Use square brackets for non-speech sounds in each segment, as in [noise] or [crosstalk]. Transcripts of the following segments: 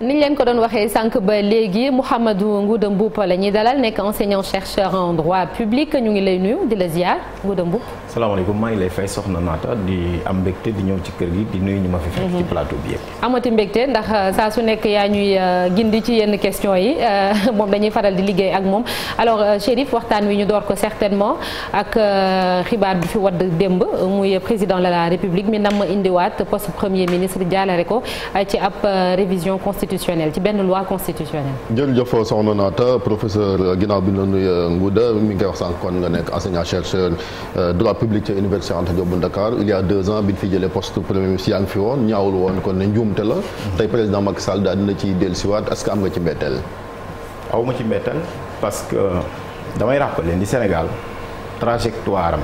niñ leen ko doon waxee sànq ba léegi Mouhamadou Ngouda Mboup la ñuy dalal nekk enseignant chercheur en droit public ñu ngi lay nuyu di la ziar Ngouda Mboup. salaamaaleykum maa ngi lay fay soxna naata di am mbégte di ñëw ci kër gi di nuyu ñu ma fi fekk. ci mhm. plateau bi yëpp. amati mbégte ndax euh, saa su nekk yaa ñuy euh, gindi ci yenn question yi euh, [laughs] moom dañuy faral di liggéey ak moom alors Chérif waxtaan wi ñu door ko certainement ak xibaar bi fi wadd démb mu président de république mi nam indiwaat poste premier ministre jaarale ko ci ab révision constitutionnel ci benn loi constitutionnelle. jërëjëf soxna Naata professeur ginnaaw bi ñu la nuyu mi ngi koy wax sànq kon nga nekk enseignant chercheur euh, droit public ca université Anta Diop bu il y a bi ñu fi jëlee poste premier ministre yaa ngi fi woon ñaawul woon kon ne njuumte la. tey président Macky Sall daal dina ciy dellusiwaat est-ce que am nga ci mbetteel. aw ma ci mbetteel parce que damay rappeler ni Sénégal trajectoire am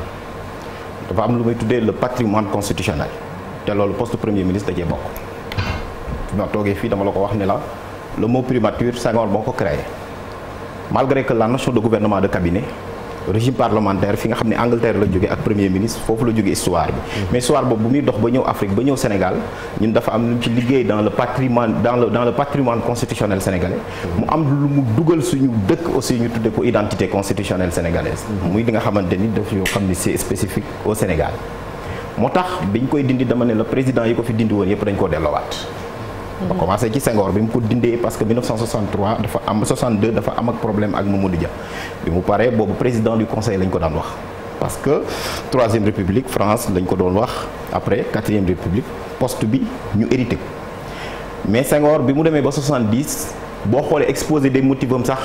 dafa am lu may tuddee le patrimoine constitutionnel te loolu poste premier ministre bi ma toogee fii dama la ko wax ne la le mot primature Senghor moo ko créé malgré que la notion de gouvernement de cabinet régime parlementaire fi nga xam ne Angleterre la jóge ak premier ministre foofu la jóge histoire bi mm-hmm. mais histoire boobu bu muy dox ba ñëw Afrique ba ñëw Sénégal ñun dafa am lu ci liggéey dans le patrimoine dans le dans le patrimoine constitutionnel sénégalais mm-hmm. mu am lu mu dugal suñu dëkk aussi ñu tudde ko identité constitutionnelle sénégalaise mm-hmm. muy li nga xamante ni daf yoo xam ni c'est spécifique au Sénégal moo tax biñ koy dindi dama ne la président yi ko fi dindi yëpp dañ koo dellowaat ba commencé ci Senghor bi mu ko dindee parce que 1963 dafa am 62 dafa am ak problème ak Mamadou Dia bi mu paree boobu président du conseil lañ ko daan wax parce que troisième république France lañ ko doon wax après quatrième république poste bi ñu hérité mais Senghor bi mu demee ba boo xoolee exposé des motifs am sax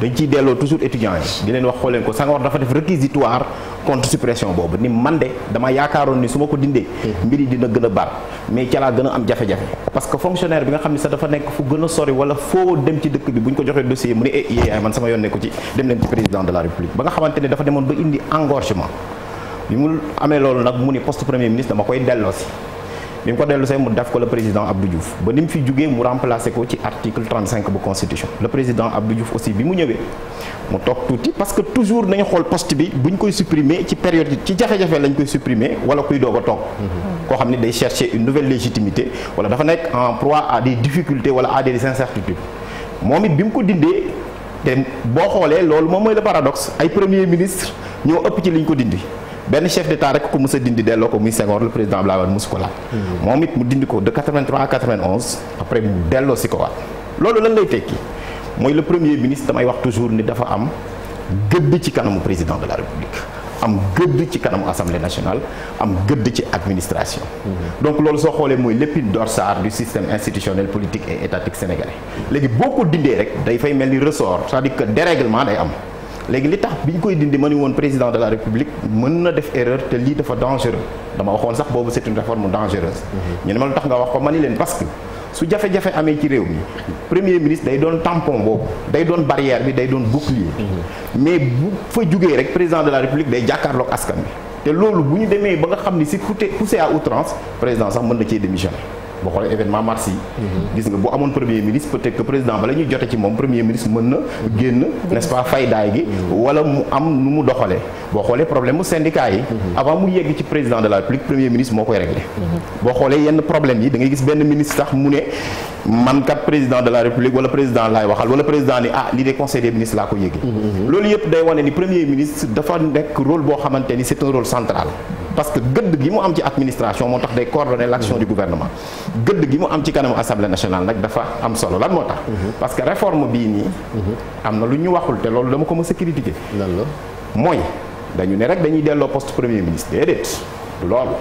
dañ ciy delloo toujours étudiants yi di leen wax xooleen ko Senghor dafa def réquisitoire contre suppression boobu ni man de dama yaakaaroon ni su ma ko dindee mbir yi dina gën a bar mais ca laa gën am jafe-jafe parce que fonctionnaire bi nga xam ne sax dafa nekk fu gën a sori wala foo dem ci dëkk bi bu ñu ko joxee dossier mu ne eh yéen eh, eh, man sama yoon ne ko ci dem leen ci président de la république ba nga mu amee loolu nag mu ni poste premier ministre dama koy delloosi bi mu ko dellu see mu def ko le président Abdou Diouf ba ni mu fi jugee mu remplacé ko ci article 35 bu constitution le président Abdou Diouf aussi bi mu ñëwee mu toog tuuti parce que toujours nañu xool poste bi bu ñu koy supprimer ci période ci jafe-jafe lañ koy supprimer wala kuy doog a toog mm-hmm. koo xam ne day chercher une nouvelle légitimité wala dafa nekk en proie à des difficultés wala à des incertitudes moom it bi mu ko dindee te boo xoolee loolu moom mooy le paradoxe ay premier ñoo ëpp ci liñ ko dindi benn chef d'état rek ko mës a dindi delloo ko muy Senghor le président Abdoulaye Wade moom it mu dindi ko de 83 à 91 après mu delloo si ko waat loolu lan lay tekki mooy le premier ministre damay wax toujours ni dafa am gëdd ci kanamu président de la république am gëdd ci kanamu assemblée nationale am gëdd ci administration donc loolu soo xoolee mooy l'épine dorsale du système institutionnel politique et étatique sénégalais boo ko dindee rek day fay mel ni ressort c'est-à-dire que day am léegi li tax bi ñu koy dindi ma ni woon président de la république mën na def erreur te lii dafa dangereux dama waxoon sax boobu c'est une réforme dangereuse mhm. ñu ne ma lu tax nga wax ko ma ni leen parce que su jafe-jafe amee ci réew mi premier ministre day doon tampon boobu day doon barrière bi day doon bouclier mhm. mais bu fa jugee rek président de la république day jàkkaarloog askan bi te loolu bu ñu demee ba nga xam ni si poussé à outrance président sax mën na cee démissionner boo xoolee événement mars yi mhm. gis nga bu amoon premier ministre peut-être que président bala ñuy jote ci moom premier ministre mën na génn mhm. nest pas faydaay gi mhm. wala mu am nu mu doxalee boo xoolee problème mu syndicat yi avant mu yegg ci président de la République premier ministre moo koy réglé boo xoolee yenn problème yi da gis benn ministre sax mu ne man kat président de la République wala président laay waxal wala président ni ah lii de conseil des parce que gëdd gi mu am ci administration moo tax day coordonner l'action du gouvernement gëdd gi mu am ci kanamu assemblée nationale nag dafa am solo lan moo tax. Mhm. parce que réforme bii nii. Mhm. am na lu ñu waxul te loolu dama ko mës a critiquer. lan la mooy dañu ne rek dañuy delloo post premier ministre déedéet loolu.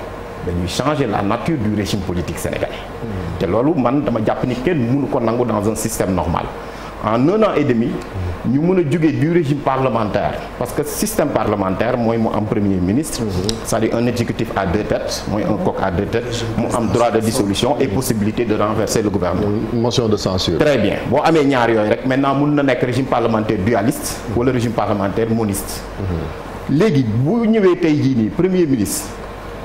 dañuy changer la nature du régime politique sénégalais. Mhm. te loolu man dama jàpp ni kenn mënu ko nangu dans un système normal en un an et ñu mun a jóge du régime parlementaire parce que système parlementaire mooy mu am premier ministre c'est-à-dire un exécutif à deux têtes mooy un coq à deux têtes mu am droit de dissolution et possibilité de renverser le gouvernement mm, motion de censure très bien boo amee ñaar yooyu rek maintenant mën na nekk régime parlementaire dualiste wala régime parlementaire moniste mm-hmm. léegi bu ñëwee tey jii nii premier ministre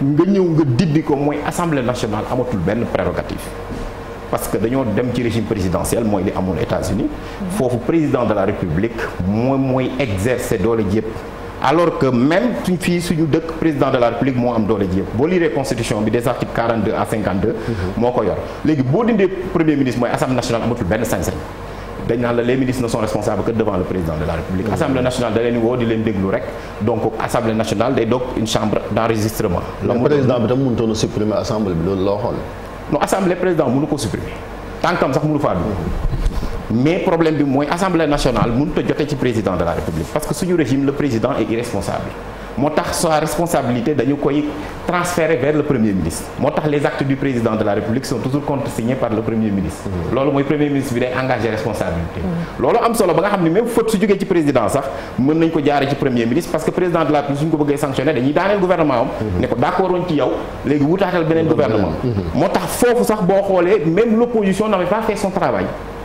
nga ñëw nga diddi ko mooy assemblée nationale amatul benn prérogative parce que dañoo dem ci régime présidentiel mooy li amul États-Unis foofu président de la République moom mooy exercer doole jëpp alors que même suñ fii suñu dëkk président de la république moo am doole ji yëpp boo liree constitution bi des articles 42 à mhm. moo ko yor léegi boo dindee premier ministre mooy assemblée nationale amatul benn sañ-sañ dañ naan la les ministres ne sont responsables que devant le président de la république. Mhm. assemblée nationale non assemblée président mënu ko supprimer tànkam sax mënu faa dugg mais problème bi mooy assemblée nationale mënut a jote ci président de la république parce que suñu régime le président est irresponsable moo tax sa responsabilité dañu koy transférer vers le premier ministre moo tax les actes du président de la république sont toujours contresignés par le premier ministre mmh. loolu mooy premier ministre bi day engagé responsabilité mmh. loolu am solo ba nga xam ne même faute su jógee ci président sax mën nañ ko jaare ci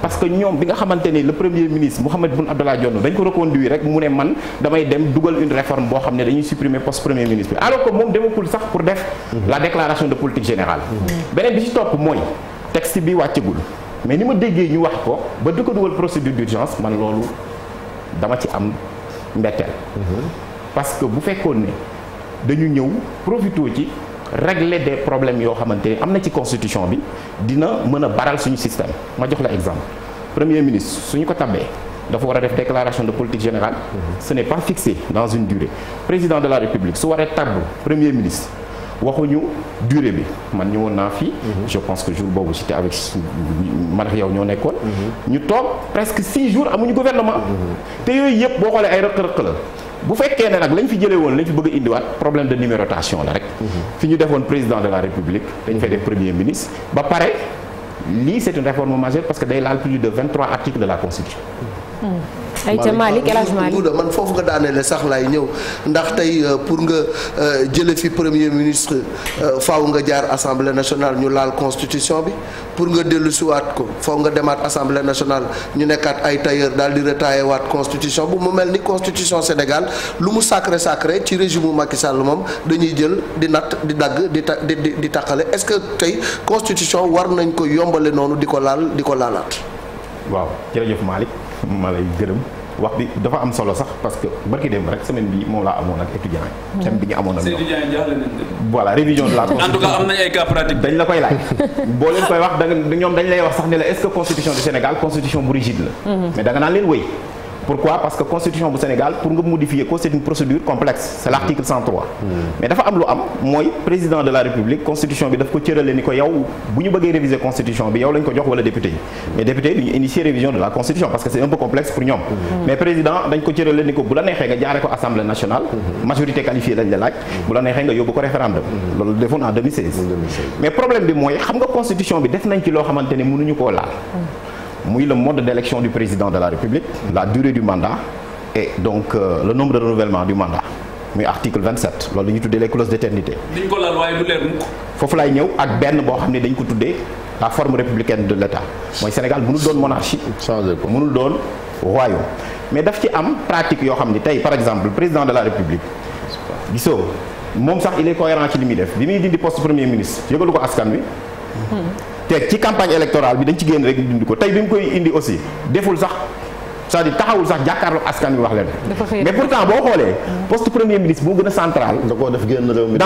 parce que ñoom bi nga xamante ni le premier ministre Mahammed Boun Abdallah Dionne dañ ko reconduire rek mu ne man damay dem dugal une réforme boo xam ne dañuy supprimer poste premier ministre bi alors que moom demagul sax pour def la déclaration de politique générale beneen bi ci topp mooy texte bi wàccagul mais ni ma déggee ñu wax ko ba du ko dugal procédure d'urgence man loolu dama ci am mbetteel mhm. parce que bu fekkoon ne dañu ñëw profitoo ci régler des problèmes yoo xamante ni am na ci constitution bi dina mën a baral suñu système ma jox la exemple premier ministre suñu ko tabbee dafa war a def déclaration de politique générale mhm. ce n'est pas fixé dans une durée président de la république su waree tabb premier ministre waxuñu durée bi man ñëwoon naa fii. Mhm. je pense que jour boobu c'était avec man ak ñoo nekkoon. Mhm. ñu toog presque six jours amuñu gouvernement. Mhm. te yooyu yëpp boo xoolee ay rëq-rëq la. bu fekkee ne nag lañ fi jëlee woon lañ fi bëgg a indiwaat problème de numérotation la rek. fi ñu defoon président de la république. dañ fay def premier ministre ba pare lii c'est une réforme majeure parce que day laal plus de vingt-trois articles de la constitution. Mm. ayca Malick El Hadj Malick man foofu nga daaneele sax laay ñëw ndax tey euh, pour nga euh, jële fi premier ministre euh, faaw nga jaar assemblée nationale ñu laal constitution bi pour nga dellu siwaat ko faaw nga demaat assemblée nationale ñu nekkaat ay tailleur daal di retaillé waat constitution bu mu mel ni constitution Sénégal lu mu sacré sacré ci régime mu Macky Sall moom dañuy jël di natt di dagg di ta di di taqale est-ce que tey constitution war nañ ko yombale noonu di ko laal di ko laalaat. waaw jërëjëf ma lay gërëm wax bi dafa am solo sax parce que barki dem rek semaine bi moom laa amoon ak étudiant yi hmm. thème bi ñu amoon ak ñoom voilà révision de la constitution en tout cas boo leen koy wax da ñoom dañ lay wax sax ne la est-ce que constitution du Sénégal constitution bu rigide la hmm. mais da naan leen wëy pourquoi parce que constitution bu Sénégal pour nga modifier ko c'est une procédure complexe c'est l'article 103 hmm. mais dafa am lu am mooy président de la République constitution bi daf ko cërale ni ko yow bu ñu bëggee réviser constitution bi yow lañ ko jox wala député yi mais député yi duñu initier révision de la constitution parce que c'est un peu complexe pour ñoom hmm. mais président dañ ko cërale ni ko bu la neexee nga jaare ko assemblée nationale hmm. muy le mode d'élection du président de la République la durée du mandat et donc euh, le nombre de renouvellement du mandat muy article 27 loolu la ñuy tuddee les clauses d'éternité dañ ko laal waaye foofu laay ñëw ak benn boo xam ne dañ ko tuddee la forme républicaine de l'État mooy Sénégal mënul doon monarchie mënul doon royaume mais daf ci am pratique yoo xam ni tey par exemple président de la République gisoo moom sax il est cohérent ci li def bi muy dindi poste premier ministre yëgalu ko askan wi hmm. teg ci campagne électorale bi dañ ci génn rek dindi ko tey bi mu koy indi aussi deful sax cest à taxawul sax jàkkaarloo askan wi wax leen. mais pourtant boo xoolee. poste premier ministre moo gën a central. da koo def génn réew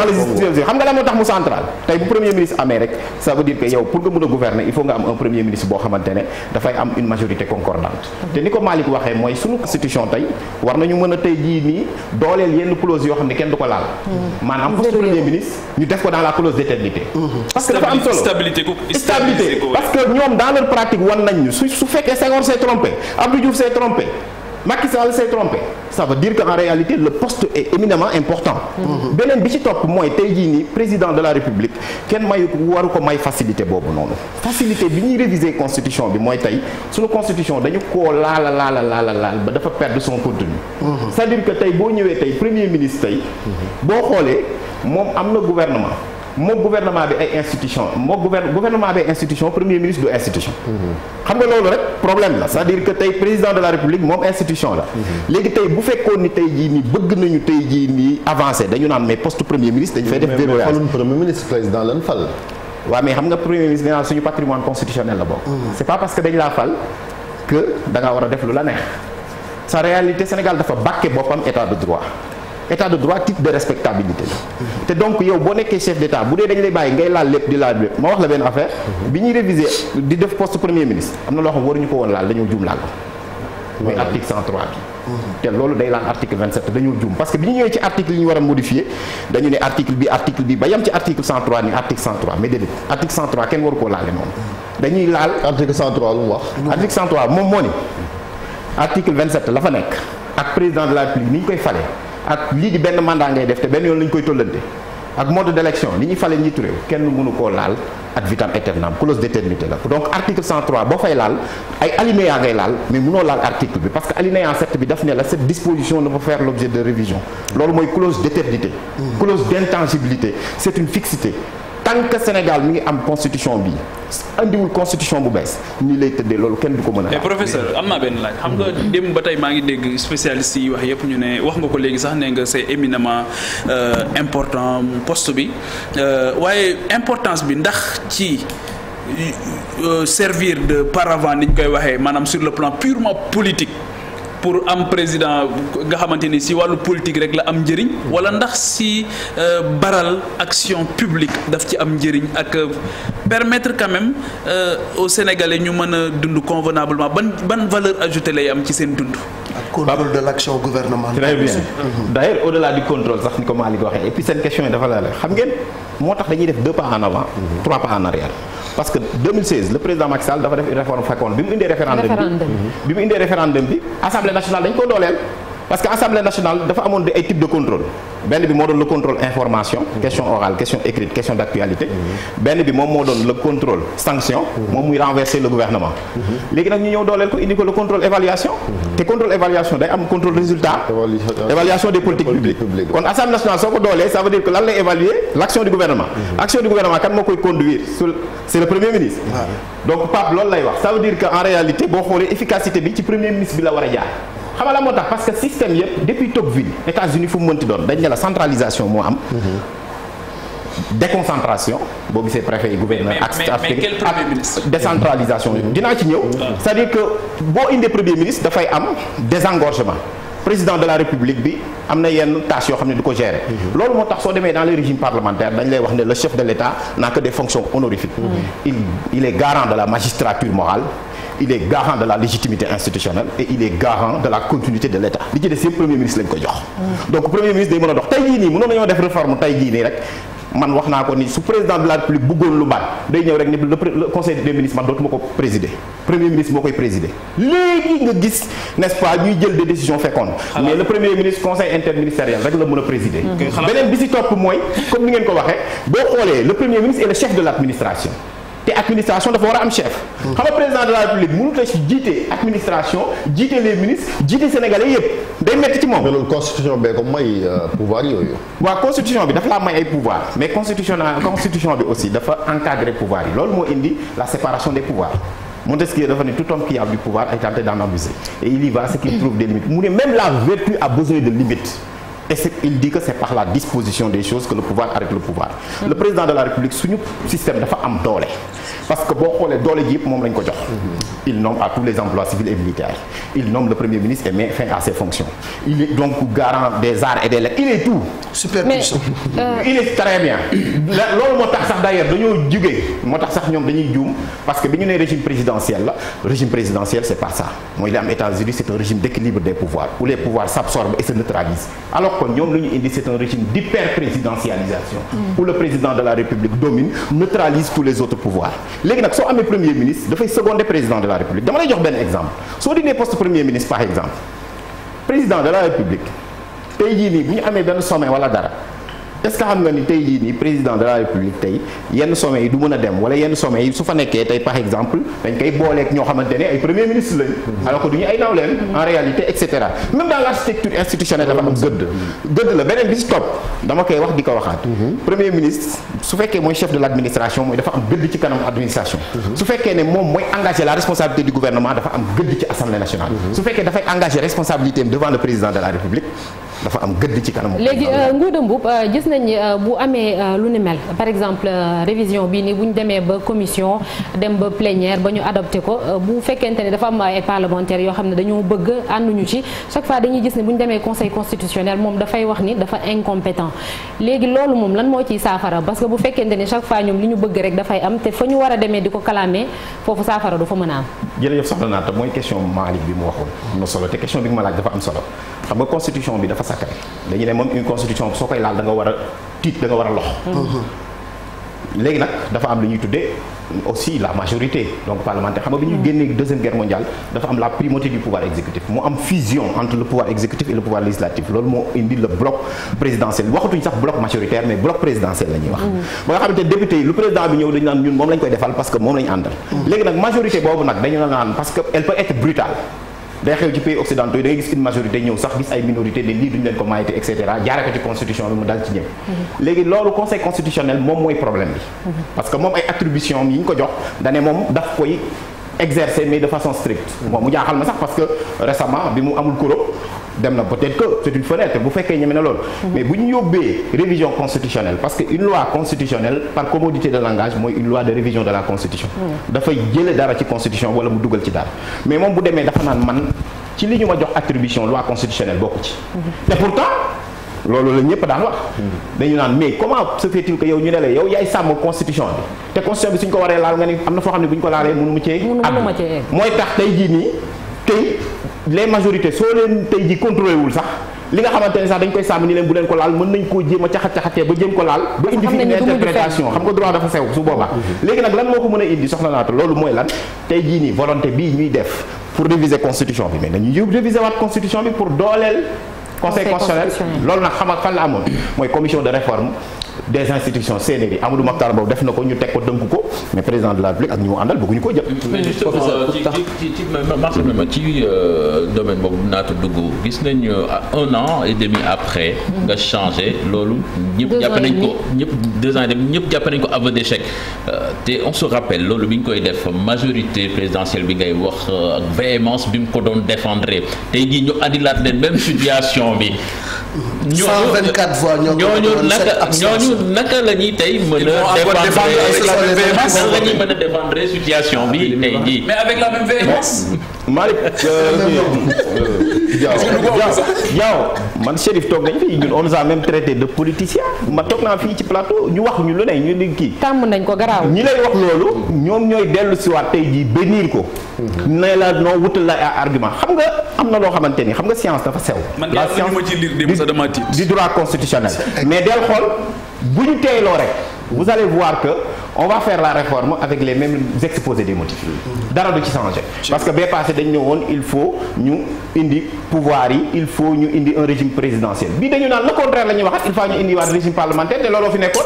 xam nga la moo tax mu central tey bu premier ministre amee rek ça veut dire que yow pour nga mën a gouverner il faut nga am un premier ministre boo xamante ne dafay am une majorité concordante. te ni ko Malick waxee mooy suñu constitution tey war nañu mën a tey jii nii dooleel yenn clause yoo xam ne kenn du ko laal. Mm-hmm. trompé Macky Sall s'est trompé sa veut dire que en réalité le poste est éminemment important. Mhm. beneen bi ci topp mooy tey jii ni président de la république kenn mayu waru ko may facilité boobu noonu. facilité bi ñuy réviser constitution bi mooy tey suñu constitution dañu koo laala laala laala laal ba dafa perd son contenu. Mhm. c'est-à-dire que tey boo ñëwee tey premier ministre tey. Mhm. boo xoolee moom am na gouvernement. moom gouvernement bi ay institution moom gouvernement bi ay institution premier ministre du institution mm-hmm. xam nga loolu rek problème la cest dire que tey président de la république moom institution la mm-hmm. léegi tey bu fekkoon ni tey jii nii bëgg nañu tey jii nii avancé dañu naan mais poste premier ministre dañu fay def verrouillage mais premier ministre président lan fal waaw mais xam nga premier ministre nee suñu patrimoine constitutionnel la bokk mm-hmm. c'est pas parce que dañ laa fal que da ngaa war a def lu la neex sa réalité Sénégal dafa bàkke boppam état de état de droit titre de respectabilité la te donc yow boo nekkee chef d' état bu dee dañ lay bàyyi ngay laal lépp di laal lépp ma wax la benn affaire mhm. bi ñuy réviser di def poste premier ministre am na loo xam waruñu ko woon laal dañoo juum laal ko muy article 103 bi mhm. te loolu day laal article 27 dañoo que bi ñu ñëwee ci article yi ñu war a modifier dañu ne article bi article bi ba yem ci article ni article mais déedéet article 103 kenn waru koo laale noonu mhm. dañuy laal article 103 lu mu wax article 103 moom moo ni article 27 la fa nekk a président la République ni ñu ak lii di benn mandat ngay def te benn yoon lañ koy tollante ak mode d'élection li ñuy fale njiitu réew kenn mënu koo laal ad vitam aeternam clause d'éternité la donc article 103 boo fay laal ay alinéa ngay laal mais mënoo laal article bi parce que alinéa 7 bi daf ne la cette disposition ne peut faire l'objet de révision loolu mooy clause d'éternité mmh. clause d'intangibilité c'est une fixité tant Sénégal mi ngi am constitution bi andiwul constitution bu bees nii lay tëddee loolu kenn du ko mën a. mais professeur am naa benn laaj xam nga démb ba tey maa ngi dégg spécialiste yi wax yëpp ñu ne wax nga ko léegi sax nee nga c'est éminemment euh, important poste bi euh, waaye importance bi ndax ci. Euh, servir de paravent ni ñu koy waxee maanaam sur le plan purement politique pour am président nga xamante ni si wàllu politique rek la am njëriñ wala ndax si euh, baral action publique daf ci am njëriñ ak euh, permettre quand même euh, aux Sénégalais ñu mën a dund convenablement ban ban valeur ajoutée lay am ci seen dund. contrôle de l'action gouvernementale. très bien mm-hmm. d'ailleurs au-delà du contrôle sax ni ko Malick waxee et puis seen question yi dafa la xam ngeen moo tax dañuy def deux pas en avant. Mm-hmm. trois pas en arrière. parce que 2016 le président Macky Sall dafa def une réforme nationale dañ ko dooleel parce que assemblée nationale dafa amoon di ay type de contrôle benn bi moo doon le contrôle information question orale question écrite question d' benn bi moom moo doon le contrôle sanction moom muy renverser le gouvernement léegi nag ñu ñëw dooleel ko indi ko contrôle évaluation te contrôle évaluation day am contrôle résultat évaluation des politiques publiques kon assemblée nationale soo ko doolee ça veut dire que lan lay évaluer l' mhm. action du gouvernement action a jaar xam la moo tax parce que système yëpp depuis Tocqueville États-Unis fu mu mënti doon dañ ne la centralisation moo am. Mhm. déconcentration boo gisee préfet yi gouverneur ak décentralisation dinaa ci ñëw ah. cest dire que boo indee premier ministre dafay am désengorgement président de la république bi am na yenn tâches yoo xam ne du ko gérer mhm. loolu moo tax soo demee dans les régimes parlementaires dañ lay wax ne le chef de l'État n'a que des fonctions mhm. la magistrature morale il est garant de la légitimité institutionnelle et il est garant de la continuité de l'État li ci des yëpp premier ministre lañ ko jox. donc premier ministre day mën a dox tey jii nii mënoon nañoo def réforme tey jii nii rek. man wax naa ko ni su président de la république bëggoon lu baat day ñëw rek ni le premier ministre moo koy présider léegi nga gis nest pas ñuy jël des décisions fekkoon mais le premier ministre conseil interministériel rek la mën te administration dafa war a am chef. xam nga président de la république mënut a jiite administration jiite les ministres jiite sénégalais yëpp day métti ci moom. mais loolu constitution bee ko may euh, pouvoir yooyu. waaw constitution bi dafa laa may ay pouvoir mais constitution constitution bi aussi dafa encadrer pouvoir yi loolu moo indi la séparation des pouvoirs. Montesquieu dafa ne tout homme qui a du pouvoir est tenté d'en abuser et il y va ce qu'il trouve des limites mu ne la Et il dit que c'est par la disposition des choses que le pouvoir arrête le pouvoir. le président de la République suñu système dafa am doole parce que boo xoolee doole ji yëpp moom lañ ko jox. il nomme à tous les emplois civils et militaires il nomme le premier ministre et met fin à ses fonctions il est donc garant des arts et des lettres il est tout. super euh, il est très bien. loolu moo sax d'ailleurs dañoo jugee moo sax ñoom dañuy juum que bi ñu nee régime présidentiel kon ñoom lu ñu indi c'est un régime d'hyperprésidentialisation où le président de la république domine neutralise tous les autres pouvoirs léegi nag soo amee premier ministre dafay seconder président de la république dama jox benn exemple soo dindee poste premier ministre par exemple président de la république tey jii nii bu ñu amee benn sommet wala dara est-ce que xam nga ni tey jii nii président de la république tey yenn sommet yi du mën a dem wala yenn sommet yi su fa nekkee tey par exemple dañ koy booleeg ñoo xamante ne ay premier ministre lañ alors que du ñu ay nawleen en réalité et cetera même dans l'architecture dafa am gëdd la beneen bi si topp dama koy wax di ko waxaat mhm. premier ministre su fekkee mooy chef de l'administration mooy dafa am gëdd ci kanam administration mhm. su fekkee ne moom mooy engagé la responsabilité du gouvernement dafa am gëdd ci kanam. léegi euh, Ngouda Mboup euh, gis nañ euh, bu amee lu ni mel par exemple révision bii nii bu ñu demee ba commission dem ba plénière ba ñu adopté ko bu fekkente ni dafa am ay parlementaires yoo xam ne dañoo bëgg ñu ci chaque fois dañuy gis ne bu ñu demee conseil constitutionnel moom dafay wax ni dafa incompétent léegi loolu moom lan moo ciy saafara parce que bu fekkente ne chaque fois ñoom li ñu bëgg rek dafay am te fa ñu war a demee di ko kalaamee foofu saafara du mën a am. jërëjëf soxna Naata mooy question Malick bi mu bi nga ma laaj dafa am xam nga constitution bi dafa sacré dañu ne moom une constitution soo koy laal da war a tiit da war a lox léegi nag dafa am lu la ñu génnee deuxième guerre mondiale dafa am la primauté du pouvoir exécutif mu am fusion entre le pouvoir exécutif et le pouvoir législatif loolu moo indi le bloc présidentiel waxatuñ sax bloc majoritaire mais bloc présidentiel la wax ba nga xamante député lu président bi ñëw dañu naan ñun moom lañ koy defal parce que moom lañu àndal léegi nag majorité boobu nag dañu naan parce que elle day xew ci pays occidentaux yi gis une majorité ñëw sax gis ay minorité ne lii duñu leen ko maayete et cetera jaare ko ci constitution bi mu dal ci ñëpp léegi loolu conseil constitutionnel moom mooy problème bi mhm. parce que moom ay attribution yi ñu ko jox dane moom daf koy exercer mais de façon stricte moom mu jaaxal ma sax parce que récemment bi mu amul kuréel dem na peut-être que c'est fenêtre bu fekkee ñeme na loolu mhm. mais bu ñu yóbbee révision constitutionnelle parce que une loi constitutionnelle par commodité de langage mooy une loi de révision de la constitution mhm. dafay jële dara ci constitution wala mu dugal ci dara mais moom bu demee dafa naan man ci li ñu ma jox attribution loi constitutionnelle bokku ci mhm. te pourtant loolu la ñëpp daan wax. dañu naan mais comment se fait-il que yow ñu ne la yow yaay sàmm constitution bi te constitution bi suñ ko waree laal nga ni am na foo xam ne bu ko laalee mënu mu cee. mooy tax tey jii nii tey les majorités soo leen tey jii contrôlé wul sax. li nga xamante ne dañ koy sàmm ni leen bu leen ko laal mën nañ koo jéem a caxat caxatee ba jéem ko laal ba indi interprétation xam nga droit dafa sew su boobaa mm-hmm. léegi nag lan moo ko mën a indi soxna naata loolu mooy lan tey jii nii volonté bii ñuy def pour réviser constitution bi mais dañuy réviser waat constitution bi pour conseil constitutionnel loolu nag xamal fan la amoon mooy commission de réforme des institutions séenéer yi Amadou Mahtar Mbow def na ko ñu teg ko dënk ko mais président de la République ak ñi mu àndal bëgguñu ko jël. mais justement euh, ci ci ma euh, domaine boobu naatu dugg gis nañu euh, un an et demi après. nga changé loolu. ñëpp jàpp nañ ko ñëpp deux ans et demi ñëpp jàpp nañ ko aveu d'échec te on se rappelle loolu bi ñu koy def majorité présidentielle bi ngay wax ak véhémence bi mu ko doon défendre tey jii ñu andilaat leen même situation bi. 124 voix ñoo naka la ñuy tey mën a. défendre la situation bi tey jii. mais avec la même véhémence. Malick. Euh, [laughs] euh, Diaw Diaw man Chérif toog nañ fii ñun on nous traité de politicien ma toog naa fii ci plateau ñu wax ñu lu ne ñu ne kii. tàmm nañ ko garaaw. ñi lay wax loolu. ñoom ñooy dellu si tey jii bénir ko. ne la noo wutal la argument xam nga am na loo xamante ni xam nga science dafa sew. la man ma ci lire sa dama tiit. du droit constitutionnel mais del xool bu ñu teeloo rek vous allez voir que. on va faire la réforme avec les mêmes exposés des motifs dara du ci changer parce que bee passé dañ ne il faut ñu indi pouvoir yi il faut ñu indi un régime présidentiel bi dañu naan le contraire la ñuy waxat il faut ñu indi waat régime parlementaire te looloo fi nekkoon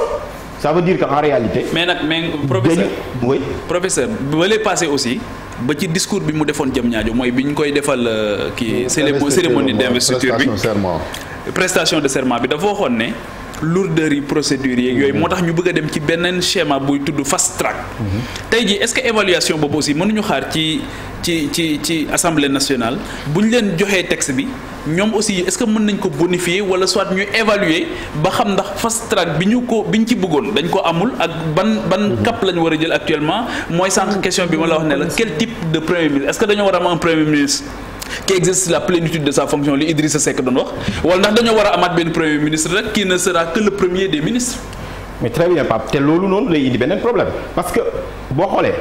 ça veut dire que en réalité mais nag mais professeur oui professeur ba aussi ba ci discours bi mu defoon jëm ñaajo mooy bi ñu koy defal euh, kii cérémonie d'investiture bi prestation de serment bi dafa waxoon ne lourdeur yi procédures yeeg yooyu moo tax ñu bëgg a dem ci beneen schéma buy tudd fast track. tey ji est-ce que évaluation boobu aussi mënuñu xaar ci ci ci ci assemblée nationale bu ñu leen joxee texte bi ñoom aussi est-ce que mën nañ ko bonifier wala soit ñu évaluer ba xam ndax fast track bi ñu ko bi ñu ci bëggoon dañ ko amul ak ban ban mhm. cap lañu war a jël actuellement mooy sànq question bi ma la wax ne la quel type de premier ministre est-ce que war a am un premier ministre. qui exerce la plénitude de sa fonction li Idrissa Seck doon wax wala ndax dañoo war a amaat benn premier ministre rek qui ne sera que le premier des ministres. mais très bien Pape te loolu noonu lay indi beneen problème parce que boo xoolee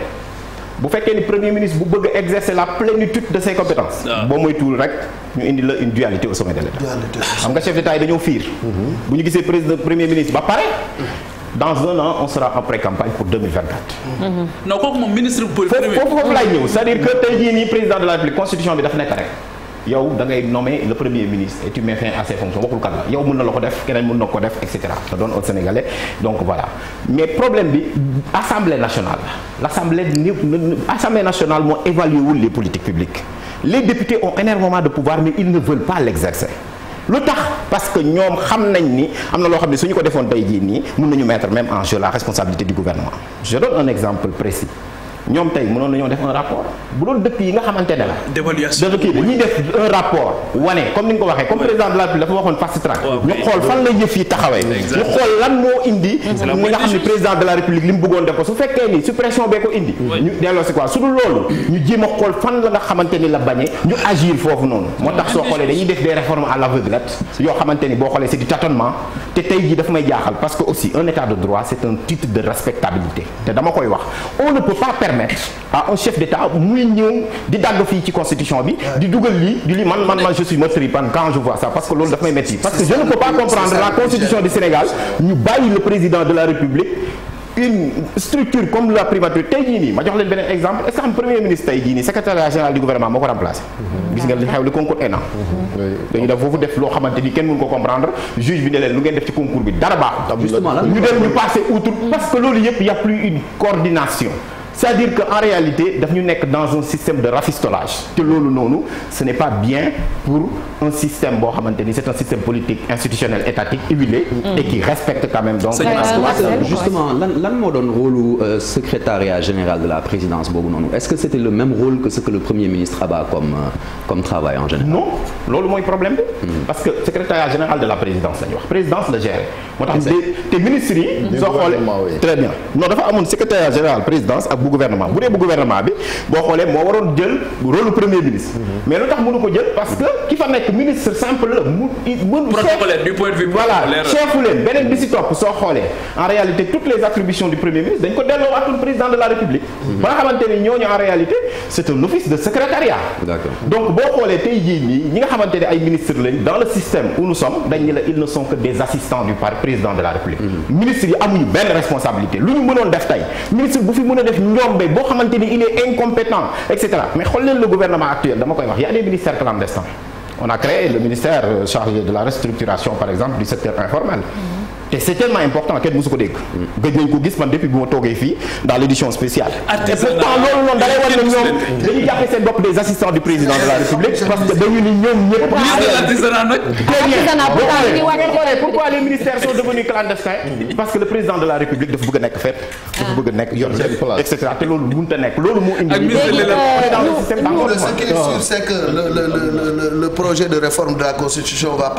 bu fekkee ni premier ministre bu bëgg a exercer la plénitude de ses compétences. Ah. boo moytuwul rek ñu indi la une dualité au sommet de l'État. xam nga chef d'État yi dañoo fiir. Mhm. bu ñu gisee premier ministre ba pare. dans un an on sera en pré-campagne pour 2024. Mm-hmm. non kooku moom ministre bu. foofu président de la République constitution bi dafa nekk rek. yow da ngay nommer le premier ministre et tu mets fin à la yow mën na la ko def keneen mën na ko def et cetera te doon au Sénégalais donc voilà mais problème bi assemblée nationale la l'assemblée assemblée nationale moo évalué wul les politiques publiques les députés ont énormément de pouvoir mais lu tax parce que ñoom xam nañ ni am na loo xam ne suñu ko defoon tey jii nii mun nañu mettre même en jeu la responsabilité du gouvernement je donne un exemple précis ñoom tey mënoon nañoo def un rapport bu doon dëkk yi nga xamante la. dafa kii def un rapport wane dafa waxoon fast track. ñu xool fan la yëf yi taxawee. ñu xool lan moo indi. li nga xam ne président de la République li mu bëggoon def ko su fekkee ni suppression bee ko indi. ñu delloo si quoi su dul loolu. ñu jéem xool fan la nga xamante la bañee ñu agir foofu noonu. moo tax soo xoolee dañuy def des réformes à l'aveuglette yoo xamante boo xoolee c'est du tâtonnement te tey permettre à un chef d'État muy ñëw di dagg fii ci constitution bi di dugal lii di li man man man je suis meurtri pan quand je vois ça parce que loolu daf may metti parce que je ne peux pas comprendre la constitution du Sénégal ñu bàyyi le président de la République une structure comme la primature tey jii ma jox leen beneen exemple est-ce que xam premier ministre tey jii nii général du gouvernement moo ko remplacé gis juge bi ne leen lu ngeen def c'est-à-dire que en réalité daf ñu nekk dans un système de rafistolage te loolu noonu ce n'est pas bien pour un système boo c'est un système politique institutionnel étatique huilé mm. et qui respecte quand même donc justement lan euh, secrétariat général de la présidence boobu noonu est-ce que c'était le même rôle que le premier ministre abat euh, comme travail en général mm. présidence présidence la général présidence bu gouvernement bu dee bu gouvernement bi boo xoolee moo waroon jël rôle premier ministre mhm. mais lu tax mënu ko jël parce que ki fa nekk ministre simple la mu mën protocolaire du point leen beneen bi si topp soo xoolee en réalité toutes les attributions du premier ministre dañ ko delloo atul président de la république mhm. ba nga xamante ni ñooñu en réalité c'est un office de secrétariat donc boo xoolee tey jii nii ñi nga xamante ne ay ministre lañ dans le système où nous sommes mhm. a def njombe boo xamante ni il est incompétent et cetera mais xool leen le gouvernement actuel dama koy wax y a des on a créé le ministère euh, chargé de la restructuration par exemple du secteur informel. te c' est tellement important kenn mosu ko dégg. gëj nañ ko gis man depuis bi ma toogee fii dans l' spéciale. et pourtant loolu noonu da lay wan des assistants du président de la république parce que dañu ni ñoom ñëpp. artisanat nag. pourquoi parce que le président de la république dafa bëgg a nekk fépp. dafa bëgg a nekk yor seen place et cetera te loolu mënut a loolu moo indi. ak ministère de la ce qui est sûr c' est que le le le projet de réforme de la constitution va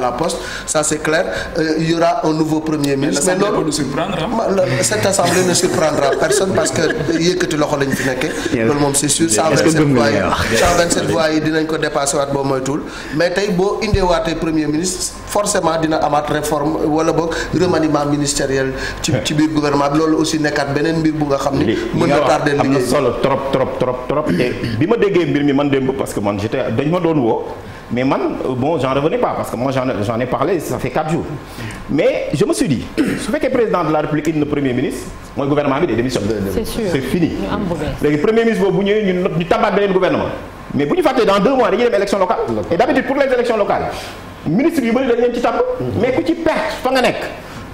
la poste aura un nouveau premier ministre. mais loolu cette assemblée ne surprendra personne parce que yëkkati loxo lañ fi nekkee. loolu moom c'est sûr 127 voix yi 127 yi dinañ ko dépassé waat boo moytuwul mais tey boo indeewaatee premier ministre forcément dina amaat réforme wala boog remaniement ministériel. ci ci biir gouvernement bi loolu aussi nekkaat beneen mbir bu nga xam ni. mën na tardé liggéey trop trop bi ma déggee mbir mi man démb parce que man j'étais dañ doon woo. Mais moi, euh, bon, j'en revenais pas parce que moi, j'en ai parlé, ça fait 4 jours. Mais je me suis dit, [clears throat] su fekkee président de la République indi premier ministre mooy gouvernement bi day démission. c'est fini. premier ministre boobu bu ñëwee ñu ñu tabaat gouvernement. mais bu ñu fàttee dans 2 mois dañuy dem élection locale. et d'habitude pour les élections locales ministres yu bëri dañ leen ci tàbb. Mm-hmm. mais ku ci perte fa nga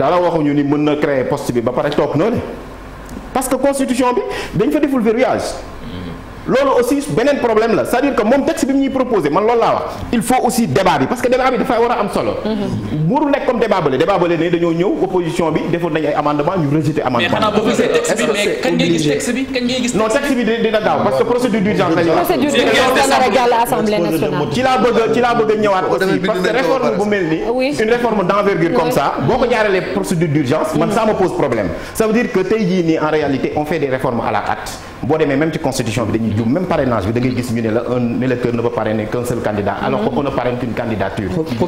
dara waxuñu ni mën na créer poste bi ba pare toog noonu parce que constitution bi dañ fa deful verrouillage loolu aussi beneen problème la cest dire que moom texte bi mu ñuy proposé man loolu laa wax il faut aussi débat bi parce que débat bi dafay war a am solo. warul nekk comme débat bële débat bële ne dañoo ñëw opposition bi defoon nañu ay amendement ñu rejeté amendement. mais xanaa bi gis texte bi kañ parce que procédure d'urgence la ñu wax. procédure ci laa bëgg ci aussi parce que réforme bu mel nii. une réforme d'envergure comme ça boo boo demee même ci constitution bi dañuy juum même parrainage bi da ngay gis ñu ne la un électeur ne peut parrainer qu'un seul candidat mm-hmm. alors qu'on ne parraine qu'une candidature donc euh, boo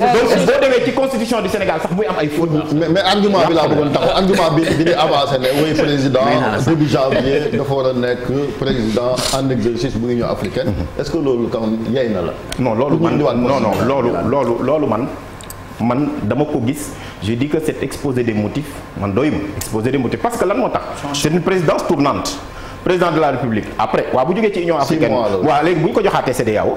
demee ci constitution du Sénégal sax muy am ay fautes mais argument bi laa bëggoon tax ah. argument bi bi ñu avancé ne oui président début janvier dafa war a nekk président en exercice bu Union africaine mm-hmm. est-ce que loolu kam yey na la non loolu man non non loolu loolu loolu man man dama ko gis je dis que cet exposé des man doyuma exposé des motifs parce que lan moo tax c'est une présidence président de la république après waaw bu jógee ci union africaine waaw léegi bu ñu ko joxaatee CEDEAO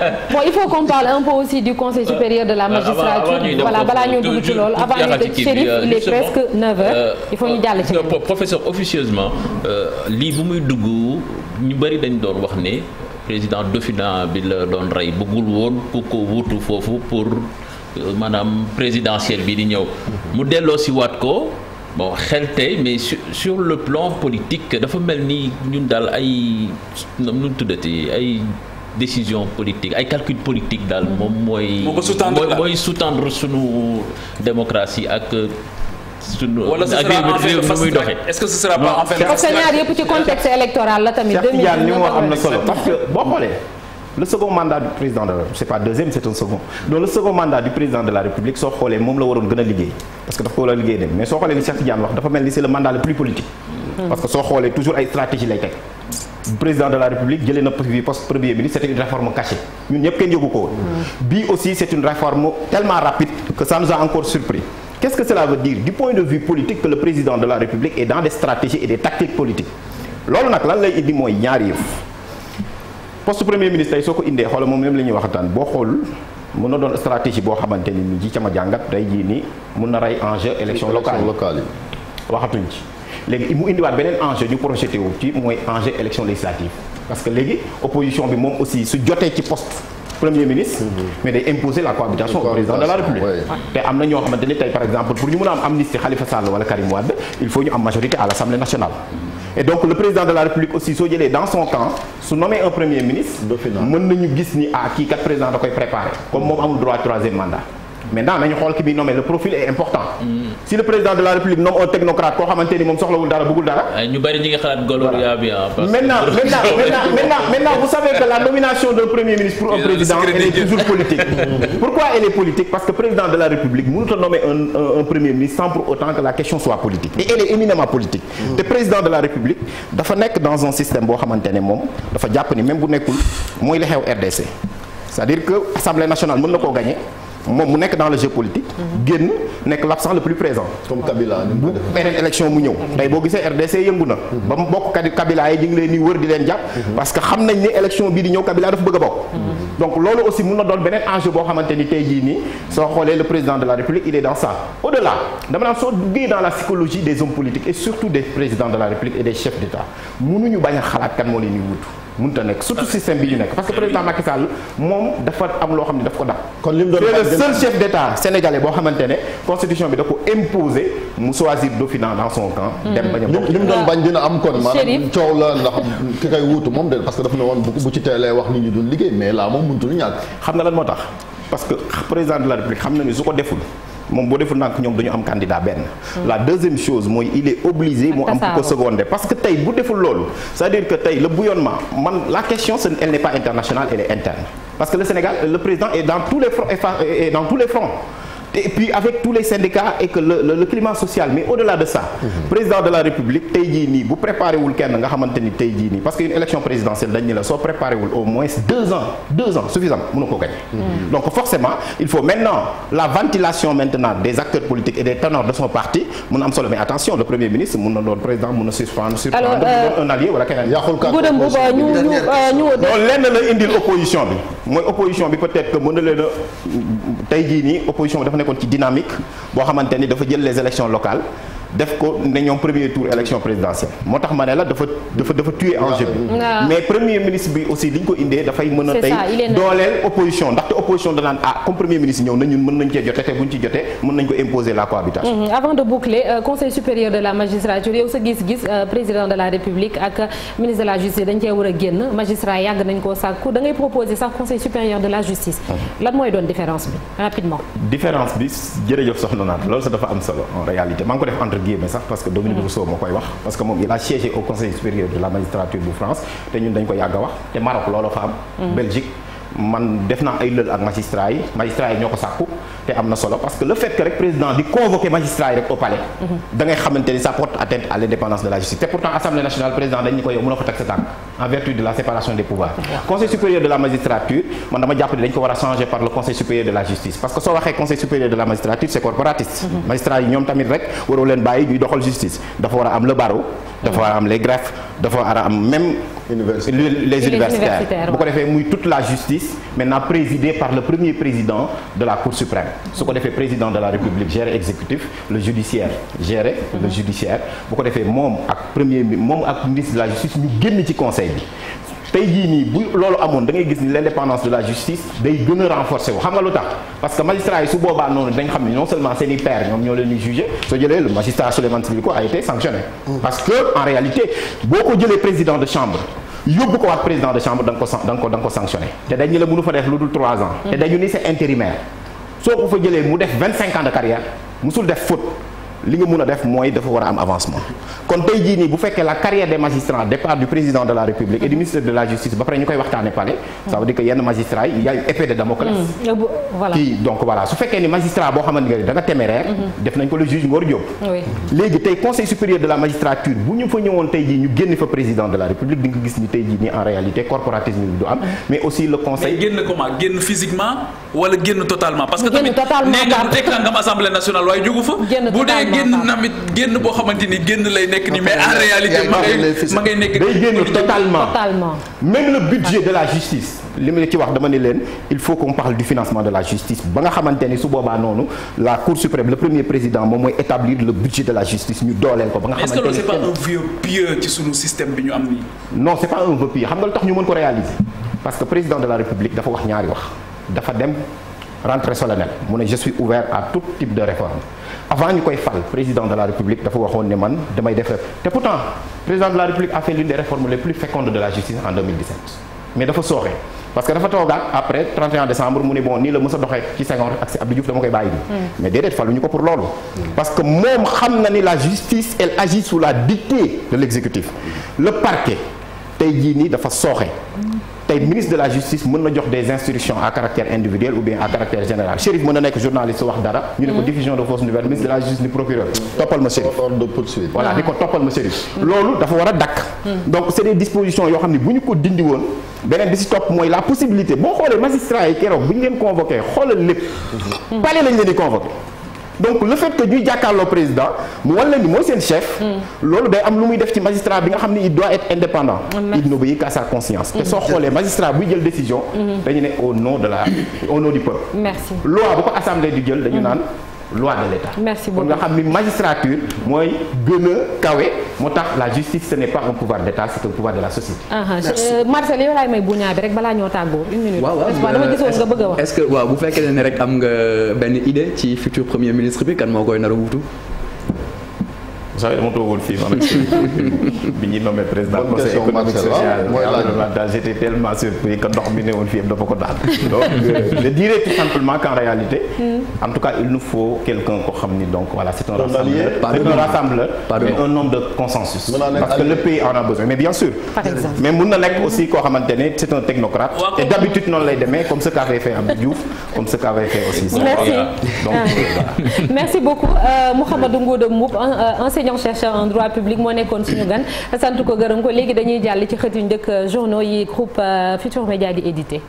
[laughs] bon il faut qu'on parle un peu aussi du conseil supérieur de la euh, magistrature voilà balaa ñoo dugg ci loolu avant ñu dëj Chérif euh, il est presque 9 heures euh, il faut ñu jàll ci professeur officieusement lii bu muy dugg ñu bëri dañ doon wax ne président Dauphin bi la doon rey bëggul woon ku ko wutu foofu pour maanaam présidentielle bi di ñëw mu delloo si waat ko bon xel tey mais sur sur le plan politique dafa mel nii ñun daal ay nu mu tuddati ay décision politique ay calcul politique daal moom mooy. moo ko sunu démocratie ak. sunu ak réew mi muy doxee la tamit. Cheikh Tidiane li na solo parce que boo xoolee. la second mandat du président de la République soo xoolee moom la waroon gën a liggéey parce que dafa ko war a liggéey dem mais soo xoolee li Cheikh Tidiane wax dafa mel ni c'est le mandat le plus politique. Hmm. parce que soo xoolee toujours ay stratégie lay teg. président de la république jëlee na poste premier ministre c' était une réforme cachée ñun ñëpp kenn yóbbu ko woon. Mm-hmm. aussi c' une réforme tellement rapide que ça nous a encore surpris. qu' ce que cela veut dire du point de vue politique que le président de la république est dans des stratégies et des tactiques politiques loolu nag lan lay indi mooy ñaari yëf poste premier ministre tey soo ko indee xoola moom même la ñuy waxtaan boo xool mën na doon boo xamante ni ñu ji ma jàngat day ji ni mun na rey enjeu élection locale yi waxatuñ ci. léegi mu indiwaat beneen enjeu ñu projeté wu ci mooy enjeu élection législative parce que léegi opposition bi moom aussi su jotee ci poste premier ministre mhm. mais day imposer la cohabitation au président de la république te am na ñoo xamante ni tey par exemple pour ñu mën a am amnistie Khalifa Sall wala Karim Wade il faut ñu am majorité à l'Assemblée nationale mhm. et donc le président de la république aussi soo jëlee dans son camp su nommé un premier maintenant nañu xool ki muy nommé le profil est important. Mm. si le président de la république nomme un technocrate koo xamante moom soxlawul dara bëggul dara. Ah, maintenant maintenant maintenant maintenant savez que la nomination d'un premier ministre pour un président est toujours politique. [laughs] pourquoi elle est politique parce que président de la république mënut a nommer un un premier ministre sans pour autant que la question soit politique. et elle est éminemment politique. Mm. te boo xamante ne moom dafa jàpp ni bu nekkul mooy la xew RDC c'est-à-dire que assemblée na koo moom mu nekk dans le jeu politique. génn nekk l'absent le plus présent. bu beneen élection mu ñëw. tey boo gisee RDC yëngu na. Hmm. ba mu bokk kadi Kabila yi ñu leen wër di leen jàpp. Hmm. parce que xam nañ ne élection bii di ñëw Kabila dafa bëgg a bokk. Hmm. donc loolu aussi mun na doon beneen enjeu boo xamante ni tey jii nii soo xoolee le président de la République il est dans ça au delà dama naan soo duggee dans la psychologie des hommes politiques et surtout des présidents a xalaat mënut a nekk surtout système bi ñu nekk parce que président Macky moom dafa am loo xam ne daf ko dàq. kon li mu doon c'est le seul chef d'État bi da ko imposer mu choisir Dauphinane dans son camp. Hmm. bañ a bokk li mu doon bañ dina am kon maanaam coow la ndax ki koy wuutu moom de parce que dafa ne woon bu ci teelee wax nit ñi duñ liggéey mais là moom mënutul ñàkk. xam nga lan moo tax parce que président de la République xam na ni su ko deful. moom boo deful ndànk ñoom dañu am candidat benn hmm. la deuxième chose mooy il est obligé mu am ku parce que tey bu deful loolu c'est-à-dire que tey le bouillonnement la question ce elle n'est pas internationale elle est interne parce que le Sénégal le président est dans tous les dans tous les fronts et avec tous les syndicats et que le climat social mais au-delà de ça. Mhm. président de la république tey jii bu préparé wul kenn nga xamante ni parce que une élection présidentielle dañ la soo préparé wul au moins deux ans deux ans suffisant mënu ko gañ. Mhm. Mhm. donc forcément il faut maintenant la ventilation des acteurs politiques et des tenants de son parti mun na am solo mais attention le premier ministre mun na doon président kon ci dynamique boo xamante ni dafa jël les élections locales def ko ne ñoom premier tour élection présidentielle moo tax ma ne la dafa dafa dafa tuer mais premier ministre bi aussi li ñu ko indee dafay mën a tey dooleel opposition ndaxte opposition danaan ah comme premier ministre ñëw na mën nañ cee jote te buñ ci jotee mën nañ ko imposer la cohabitation mm-hmm. avant de boucler euh, conseil supérieur de la magistrature yow sa gis-gis euh, président de la république ak ministre de la justice dañ cee war a génn magistrat guillemets sax parce que Dominique mm. Rousseau moo koy wax parce que moom il a siégé au conseil supérieur de la magistrature bu France te ñun dañ ko yàgg wax te Maroc looloo fa am mm. Belgique man def naa ay lël ak magistrat yi magistrat yi ñoo ko sàkku te am na solo parce que le fait que rek président di convoquer magistrat yi rek au palais mhm. xamante ni ça porte atteinte à l'indépendance de la justice te pourtant assemblée nationale président dañ ñu ko yow ko teg sa tànk en vertu de la séparation des pouvoirs conseil supérieur de la magistrature man dama jàpp ne dañ ko war a par le conseil supérieur de la justice parce que soo dafa war a am même. les universitaires bu ko defee muy toute la justice maintenant présidée par le premier président de la cour suprême su ko defee président de la république géré exécutif le judiciaire géré le judiciaire bu ko defee moom ak premier moom ak ministre de la justice ñu génn ci conseil bi tey jii nii bu loolu amoon da ngay gis ni l'indépendance de la justice day gën a renforcer xam nga lu tax parce que magistrat yi su boobaa noonu dañ xam ne non seulement seen i ñoom ñoo leen di soo jëlee le magistrat Souleymane Sibiko a été sanctionné mm. parce que en réalité boo ko jëlee président de chambre yóbbu ko waat président de chambre da nga ko da nga ko da nga ko sanctionné te dañu la mënu fa def lu dul 3 ans te mm. dañu ni c'est intérimaire soo ko fa jëlee mu li nga mun a def mooy dafa war a am avancement kon tey jii nii bu fekkee la carrière des magistrats départ du président de la république et du ministre de la justice ba pare ñu koy waxtaane palais ça veut dire que yenn magistrats yi y mm, téméraire mm-hmm. def nañ ko le juge Ngor Diop léegi tey conseil supérieur de la magistrature bu ñu fa ñëwoon tey jii ñu génn fa président de la république di gis ni tey jii nii en réalité corporatisme bi du am mm-hmm. génn namit génn boo xamante ni génn lay nekk ni mais en réalité ma ngay ma ngay nekk day génn totalement même le budget de la justice li ma ci wax dama ne leen il faut qu'on parle du financement de la justice ba nga xamante ni su boobaa noonu la cour suprême le premier président moom mooy établir le budget de la justice ñu dooleel ko ba nga xamante ni est-ce que c'est pas un ci sunu système bi ñu am nii non c'est pas xam nga lu ñu mën ko réaliser parce que président de la république dafa wax ñaari wax dafa dem rentrée solennelle mu ne je suis ouvert à tout type de réforme avant ñu koy fal président de la république dafa waxoon ne man damay def te pourtant président de la république a fait l'une des réformes les plus fécondes de la justice en mais dafa sooxe parce que dafa toogaat après 31 décembre mu ne bon nii la mës doxee ci Senghor ak si Abdou dama koy bàyyi bi mais déedéet faluñu ko pour loolu parce que moom xam na ni la justice elle tey ministre de la justice mën na jox des instructions à caractère individuel ou bien à caractère général Chérif mën na nekk journaliste wax dara. ñu ne ko mm. diffusion de fausse nouvelle ministre de la justice ni procureur. toppal ma Chérif ordre ni ko toppal ma Chérif. Mm. loolu dafa war a dakk mm. donc c' est des yoo xam ne bu ñu ko dindi woon beneen bi si topp mooy la possibilité boo xoolee magistrat yi keroog bu ñu leen convoqué xoolal lépp. Mm-hmm. pale lañ leen di donc le fait que ñuy jàkkaarloo président mu wan leen ni mooy seen chef. Mm. loolu day am lu muy def ci magistrat bi nga xam ne il doit être indépendant. il n'obéit qu'à sa conscience. Mm. te soo xoolee magistrat buy jël décision. Mm-hmm. dañu ne au nom de la au nom du peuple. merci loi bu ko assemblée di jël dañu mm-hmm. naan. loi de l'État. merci beaucoup kon nga xam ni magistrature mooy gën a kawe moo tax la justice ce n'est pas un pouvoir d'État c'est un pouvoir de la société. Ah, ah, euh, Marcel yow laay may buñaa bi rek balaa ñoo tàggoo une minute. waaw waaw dama gisoon nga bëgg a wax. est waaw bu fekkee ne rek am nga benn idée ci futur premier ministre bi kan moo koy nar a wutu. vous savez dama toogoon fii ma [laughs] bi ñuy tellement surpris que ndox mi ne woon fii yëpp daal [laughs] donc je dirais tout simplement qu'en réalité hmm. en tout cas il nous faut quelqu'un ko donc voilà c'est un rassembleur c'est un rassembleur mais un homme de consensus parce que le pays en a besoin mais bien sûr mais mun nekk aussi koo xamante ne c'est un technocrate et d'habitude noonu lay demee comme ce qu'avait fait Abdou Diouf comme ce qu'avait étudiant chercheur en droit public moo nekkoon suñu gan sant ko gërëm ko léegi dañuy jàll ci xët yu njëkk euh, journaux yi groupe euh, Futur Média di édité